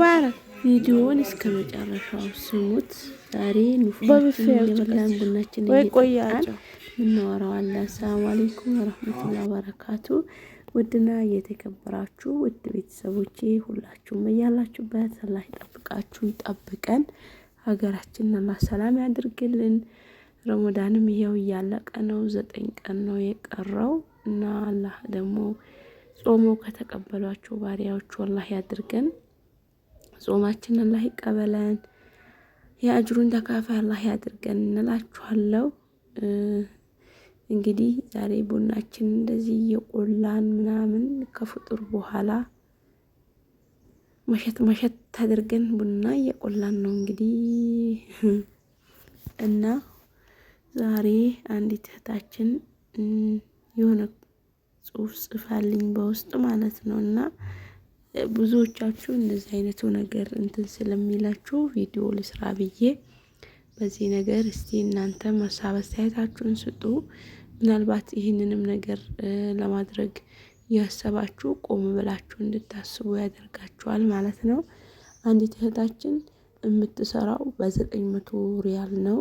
ሙባረክ ቪዲዮውን እስከ መጨረሻው ስሙት። ዛሬ ንፉበብፌበላን ቡናችን እየጠጣን የምናወራው አለ። አሰላሙ አለይኩም ወረህመቱላ በረካቱ። ውድና እየተከበራችሁ ውድ ቤተሰቦቼ ሁላችሁም እያላችሁበት አላህ ይጠብቃችሁ ይጠብቀን። ሀገራችንን አላህ ሰላም ያድርግልን። ረመዳንም ይኸው እያለቀ ነው። ዘጠኝ ቀን ነው የቀረው እና አላህ ደግሞ ጾሞ ከተቀበሏቸው ባሪያዎች ወላህ ያድርገን። ጾማችንን ላይ ይቀበለን፣ የአጅሩን ተካፋይ አላህ ያድርገን እንላችኋለሁ። እንግዲህ ዛሬ ቡናችን እንደዚህ እየቆላን ምናምን ከፍጡር በኋላ መሸት መሸት አድርገን ቡና እየቆላን ነው እንግዲህ እና ዛሬ አንዲት እህታችን የሆነ ጽሑፍ ጽፋልኝ በውስጥ ማለት ነው እና ብዙዎቻችሁ እንደዚህ አይነቱ ነገር እንትን ስለሚላችሁ ቪዲዮ ልስራ ብዬ በዚህ ነገር እስቲ እናንተ ሀሳብ አስተያየታችሁን ስጡ። ምናልባት ይህንንም ነገር ለማድረግ ያሰባችሁ ቆም ብላችሁ እንድታስቡ ያደርጋችኋል ማለት ነው። አንዲት እህታችን የምትሰራው በዘጠኝ መቶ ሪያል ነው።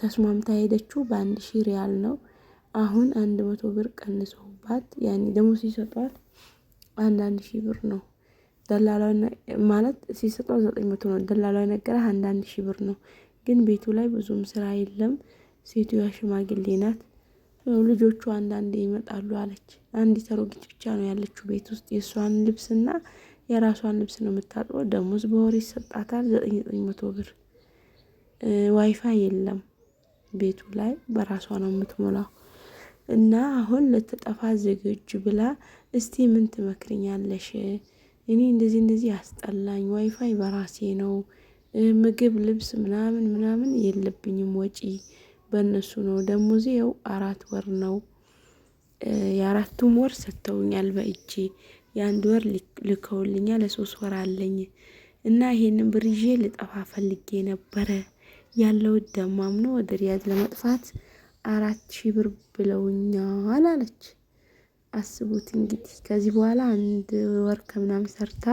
ተስማምታ ሄደችው በአንድ ሺህ ሪያል ነው። አሁን አንድ መቶ ብር ቀንሰውባት ያኔ ደግሞ ሲሰጧት አንዳንድ ሺህ ብር ነው ደላላው ማለት ሲሰጠው ዘጠኝ መቶ ነው። ደላላው የነገረህ አንዳንድ ሺህ ብር ነው። ግን ቤቱ ላይ ብዙም ስራ የለም። ሴትዮዋ ሽማግሌ ናት። ልጆቹ አንዳንዴ ይመጣሉ አለች። አንዲት አሮጊት ብቻ ነው ያለችው ቤት ውስጥ። የእሷን ልብስና የራሷን ልብስ ነው የምታጥበው። ደሞዝ በወር ይሰጣታል ዘጠኝ ዘጠኝ መቶ ብር። ዋይፋይ የለም ቤቱ ላይ በራሷ ነው የምትሞላው። እና አሁን ልትጠፋ ዝግጁ ብላ እስቲ ምን ትመክርኛለሽ? እኔ እንደዚህ እንደዚህ አስጠላኝ፣ ዋይፋይ በራሴ ነው፣ ምግብ ልብስ ምናምን ምናምን የለብኝም፣ ወጪ በእነሱ ነው። ደሞዜ ያው አራት ወር ነው። የአራቱም ወር ሰጥተውኛል በእጄ የአንድ ወር ልከውልኛል፣ ለሶስት ወር አለኝ እና ይሄንን ብር ይዤ ልጠፋ ፈልጌ ነበረ ያለው ደማም ነው ወደ ሪያድ ለመጥፋት አራት ሺህ ብር ብለውኛል አለች። አስቡት እንግዲህ ከዚህ በኋላ አንድ ወር ከምናም ሰርታ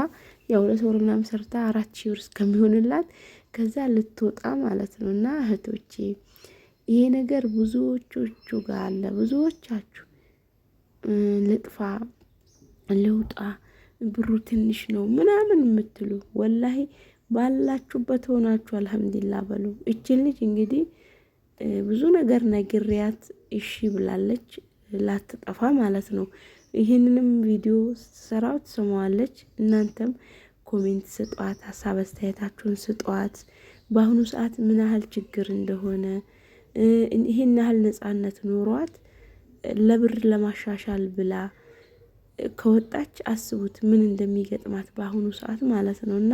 የሁለት ወር ምናም ሰርታ አራት ሺህ ብር እስከሚሆንላት ከዛ ልትወጣ ማለት ነው። እና እህቶቼ ይሄ ነገር ብዙዎቹ ጋር አለ። ብዙዎቻችሁ ልጥፋ፣ ልውጣ፣ ብሩ ትንሽ ነው ምናምን የምትሉ ወላሂ ባላችሁበት ሆናችሁ አልሐምዱሊላህ በሉ። እችን ልጅ እንግዲህ ብዙ ነገር ነግሪያት እሺ ብላለች፣ ላትጠፋ ማለት ነው። ይህንንም ቪዲዮ ስትሰራው ትሰማዋለች። እናንተም ኮሜንት ስጧት፣ ሀሳብ አስተያየታችሁን ስጧት። በአሁኑ ሰዓት ምን ያህል ችግር እንደሆነ ይህን ያህል ነጻነት ኖሯት ለብር ለማሻሻል ብላ ከወጣች አስቡት ምን እንደሚገጥማት በአሁኑ ሰዓት ማለት ነው። እና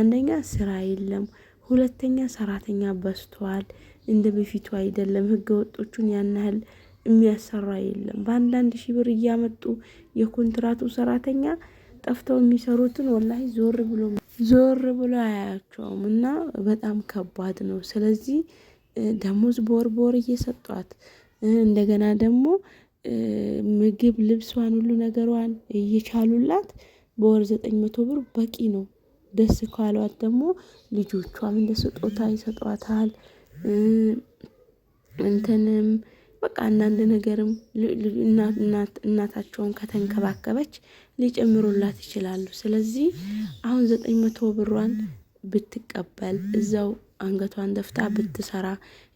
አንደኛ ስራ የለም፣ ሁለተኛ ሰራተኛ በዝቷል። እንደ በፊቱ አይደለም። ህገ ወጦቹን ያን ያህል የሚያሰራ የለም። በአንዳንድ ሺህ ብር እያመጡ የኮንትራቱ ሰራተኛ ጠፍተው የሚሰሩትን ወላሂ ዞር ብሎ ዞር ብሎ አያቸውም እና በጣም ከባድ ነው። ስለዚህ ደሞዝ በወር በወር እየሰጧት እንደገና ደግሞ ምግብ ልብሷን ሁሉ ነገሯን እየቻሉላት በወር ዘጠኝ መቶ ብር በቂ ነው። ደስ ካሏት ደግሞ ልጆቿም እንደ ስጦታ ይሰጧታል። እንትንም በቃ አንዳንድ ነገርም እናታቸውን ከተንከባከበች ሊጨምሩላት ይችላሉ። ስለዚህ አሁን ዘጠኝ መቶ ብሯን ብትቀበል እዛው አንገቷን ደፍታ ብትሰራ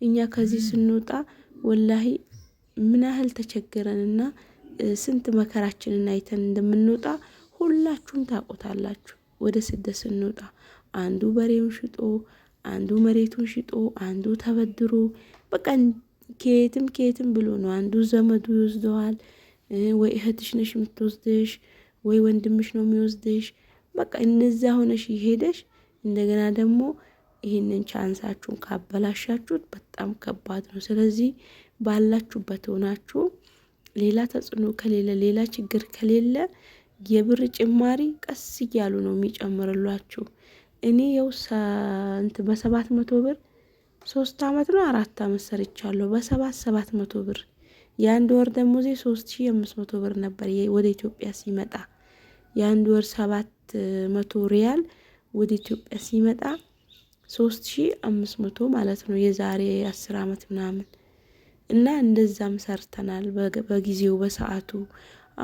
እኛ ከዚህ ስንወጣ ወላሂ ምን ያህል ተቸግረንና ስንት መከራችንን አይተን እንደምንወጣ ሁላችሁም ታውቆታላችሁ። ወደ ስደት ስንወጣ አንዱ በሬውን ሽጦ አንዱ መሬቱን ሽጦ፣ አንዱ ተበድሮ በቃ ከየትም ከየትም ብሎ ነው። አንዱ ዘመዱ ይወስደዋል። ወይ እህትሽ ነሽ የምትወስደሽ፣ ወይ ወንድምሽ ነው የሚወስደሽ። በቃ እነዚያ ሆነሽ ይሄደሽ። እንደገና ደግሞ ይህንን ቻንሳችሁን ካበላሻችሁት በጣም ከባድ ነው። ስለዚህ ባላችሁበት ሆናችሁ ሌላ ተጽዕኖ ከሌለ ሌላ ችግር ከሌለ የብር ጭማሪ ቀስ እያሉ ነው የሚጨምርሏችሁ። እኔ የው በሰባት መቶ ብር ሶስት አመት ነው አራት አመት ሰርቻለሁ። በሰባት ሰባት መቶ ብር የአንድ ወር ደሞዜ ሶስት ሺ አምስት መቶ ብር ነበር ወደ ኢትዮጵያ ሲመጣ የአንድ ወር ሰባት መቶ ሪያል ወደ ኢትዮጵያ ሲመጣ ሶስት ሺ አምስት መቶ ማለት ነው የዛሬ አስር አመት ምናምን እና እንደዛም ሰርተናል በጊዜው በሰዓቱ።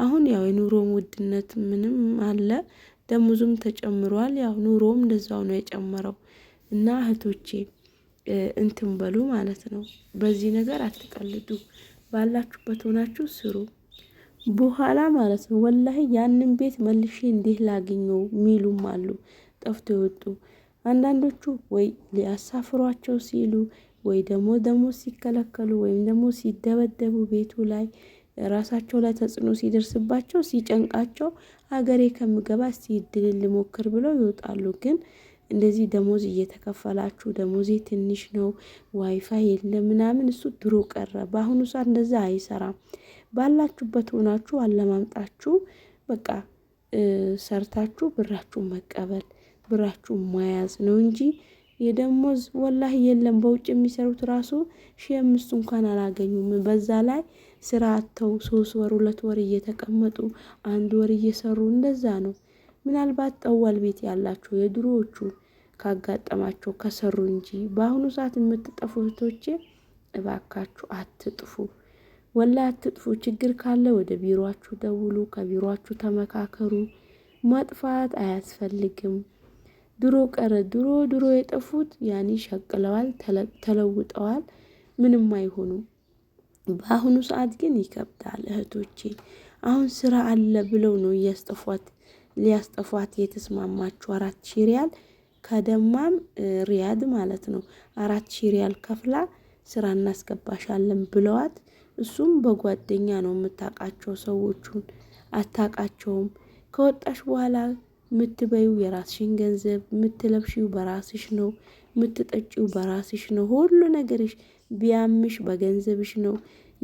አሁን ያው የኑሮ ውድነት ምንም አለ ደሞዙም ተጨምሯል። ያው ኑሮም እንደዛው ነው የጨመረው እና እህቶቼ እንትን በሉ ማለት ነው። በዚህ ነገር አትቀልዱ። ባላችሁበት ሆናችሁ ስሩ። በኋላ ማለት ነው ወላሂ ያንን ቤት መልሼ እንዴት ላገኘው ሚሉም አሉ። ጠፍቶ የወጡ አንዳንዶቹ ወይ ሊያሳፍሯቸው ሲሉ ወይ ደግሞ ደሞዝ ሲከለከሉ ወይም ደግሞ ሲደበደቡ ቤቱ ላይ ራሳቸው ላይ ተጽዕኖ ሲደርስባቸው ሲጨንቃቸው ሀገሬ ከምገባ እስቲ እድልን ልሞክር ብለው ይወጣሉ። ግን እንደዚህ ደሞዝ እየተከፈላችሁ ደሞዜ ትንሽ ነው፣ ዋይፋይ የለም ምናምን እሱ ድሮ ቀረ። በአሁኑ ሰዓት እንደዛ አይሰራም። ባላችሁበት ሆናችሁ አለማምጣችሁ በቃ ሰርታችሁ ብራችሁ መቀበል ብራችሁ መያዝ ነው እንጂ የደሞዝ ወላህ የለም። በውጭ የሚሰሩት ራሱ ሺ አምስቱ እንኳን አላገኙም። በዛ ላይ ስራ አተው ሶስት ወር ሁለት ወር እየተቀመጡ አንድ ወር እየሰሩ እንደዛ ነው። ምናልባት ጠዋል ቤት ያላችሁ የድሮዎቹ ካጋጠማቸው ከሰሩ እንጂ በአሁኑ ሰዓት የምትጠፉ እህቶቼ እባካችሁ አትጥፉ፣ ወላ አትጥፉ። ችግር ካለ ወደ ቢሮችሁ ደውሉ፣ ከቢሮችሁ ተመካከሩ። መጥፋት አያስፈልግም። ድሮ ቀረ። ድሮ ድሮ የጠፉት ያኔ ሸቅለዋል፣ ተለውጠዋል፣ ምንም አይሆኑ። በአሁኑ ሰዓት ግን ይከብዳል እህቶቼ። አሁን ስራ አለ ብለው ነው እያስጠፏት ሊያስጠፏት የተስማማችሁ አራት ሺ ሪያል ከደማም ሪያድ ማለት ነው። አራት ሺ ሪያል ከፍላ ስራ እናስገባሻለን ብለዋት፣ እሱም በጓደኛ ነው የምታቃቸው ሰዎቹን አታቃቸውም። ከወጣሽ በኋላ ምትበዩ የራስሽን ገንዘብ፣ ምትለብሽው በራስሽ ነው፣ ምትጠጪው በራስሽ ነው። ሁሉ ነገርሽ ቢያምሽ በገንዘብሽ ነው።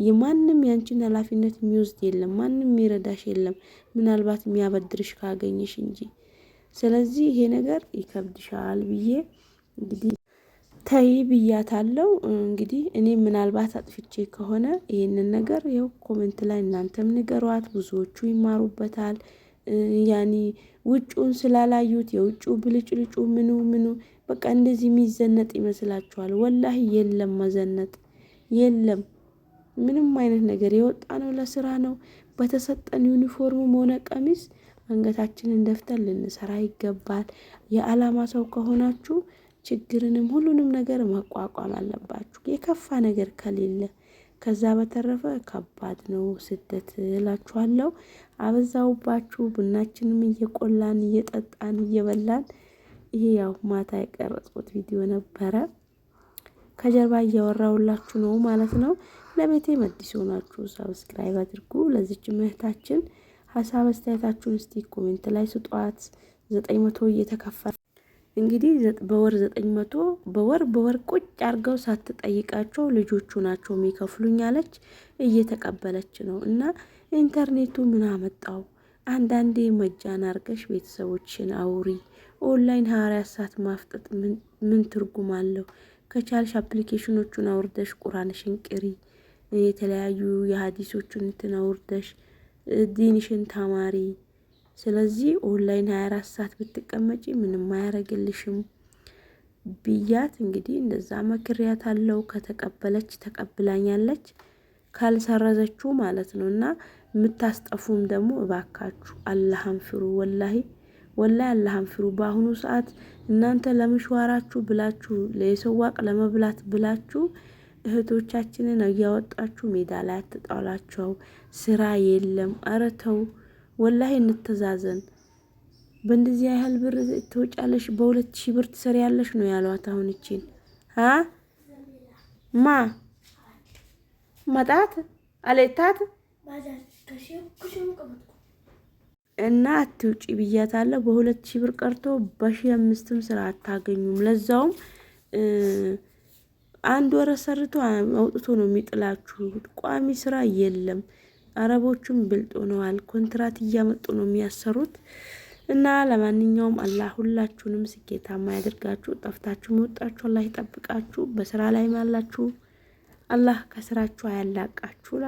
የማንም ያንቺን ኃላፊነት የሚወስድ የለም። ማንም የሚረዳሽ የለም። ምናልባት የሚያበድርሽ ካገኘሽ እንጂ። ስለዚህ ይሄ ነገር ይከብድሻል ብዬ እንግዲህ ተይ ብያታለው። እንግዲህ እኔ ምናልባት አጥፍቼ ከሆነ ይህንን ነገር ይኸው ኮሜንት ላይ እናንተም ንገሯት። ብዙዎቹ ይማሩበታል። ያኔ ውጩን ስላላዩት የውጩ ብልጭልጩ ምኑ ምኑ በቃ እንደዚህ የሚዘነጥ ይመስላችኋል? ወላህ የለም፣ መዘነጥ የለም። ምንም አይነት ነገር የወጣ ነው ለስራ ነው። በተሰጠን ዩኒፎርምም ሆነ ቀሚስ አንገታችንን ደፍተን ልንሰራ ይገባል። የዓላማ ሰው ከሆናችሁ ችግርንም ሁሉንም ነገር መቋቋም አለባችሁ። የከፋ ነገር ከሌለ ከዛ በተረፈ ከባድ ነው ስደት እላችኋለሁ። አበዛውባችሁ። ቡናችንም እየቆላን እየጠጣን እየበላን ይሄ ያው ማታ የቀረጽኩት ቪዲዮ ነበረ። ከጀርባ እያወራውላችሁ ነው ማለት ነው። ለቤቴ መዲስ ሆናችሁ ሰብስክራይብ አድርጉ። ለዚች ምህታችን ሀሳብ አስተያየታችሁን እስቲ ኮሜንት ላይ ስጧት። ዘጠኝ መቶ እየተከፈለ እንግዲህ በወር ዘጠኝ መቶ በወር በወር ቁጭ አድርገው ሳትጠይቃቸው ልጆቹ ናቸው የሚከፍሉኝ አለች። እየተቀበለች ነው እና ኢንተርኔቱ ምን አመጣው? አንዳንዴ መጃን አርገሽ ቤተሰቦችን አውሪ። ኦንላይን ሀያ አራት ሰዓት ማፍጠጥ ምን ትርጉም አለው? ከቻልሽ አፕሊኬሽኖቹን አውርደሽ ቁራንሽን ቅሪ። የተለያዩ የሀዲሶቹን እንትን አውርደሽ ዲንሽን ተማሪ። ስለዚህ ኦንላይን 24 ሰዓት ብትቀመጪ ምንም አያረግልሽም ብያት እንግዲህ እንደዛ መክሪያት አለው። ከተቀበለች ተቀብላኛለች፣ ካልሰረዘችው ማለት ነው። እና የምታስጠፉም ደግሞ እባካችሁ አላህን ፍሩ። ወላሂ ወላሂ አላህን ፍሩ። በአሁኑ ሰዓት እናንተ ለምሽዋራችሁ ብላችሁ ለየሰዋቅ ለመብላት ብላችሁ እህቶቻችንን እያወጣችሁ ሜዳ ላይ አትጣውላቸው። ስራ የለም፣ አረተው ወላሂ እንተዛዘን። በእንደዚህ ያህል ብር ትወጫለሽ፣ በሁለት ሺህ ብር ያለሽ ነው ያሏት። አሁን እቺን ማ መጣት አለታት እና አትውጪ ብያታለሁ። በሁለት ሺህ ብር ቀርቶ በሺህ አምስትም ስራ አታገኙም። ለዛውም አንድ ወረ ሰርቶ አውጥቶ ነው የሚጥላችሁ። ቋሚ ስራ የለም። አረቦቹም ብልጥ ሆነዋል። ኮንትራት እያመጡ ነው የሚያሰሩት። እና ለማንኛውም አላህ ሁላችሁንም ስኬታማ ያደርጋችሁ። ጠፍታችሁ የወጣችሁ አላህ ይጠብቃችሁ። በስራ ላይ ማላችሁ አላህ ከስራችሁ አያላቃችሁ።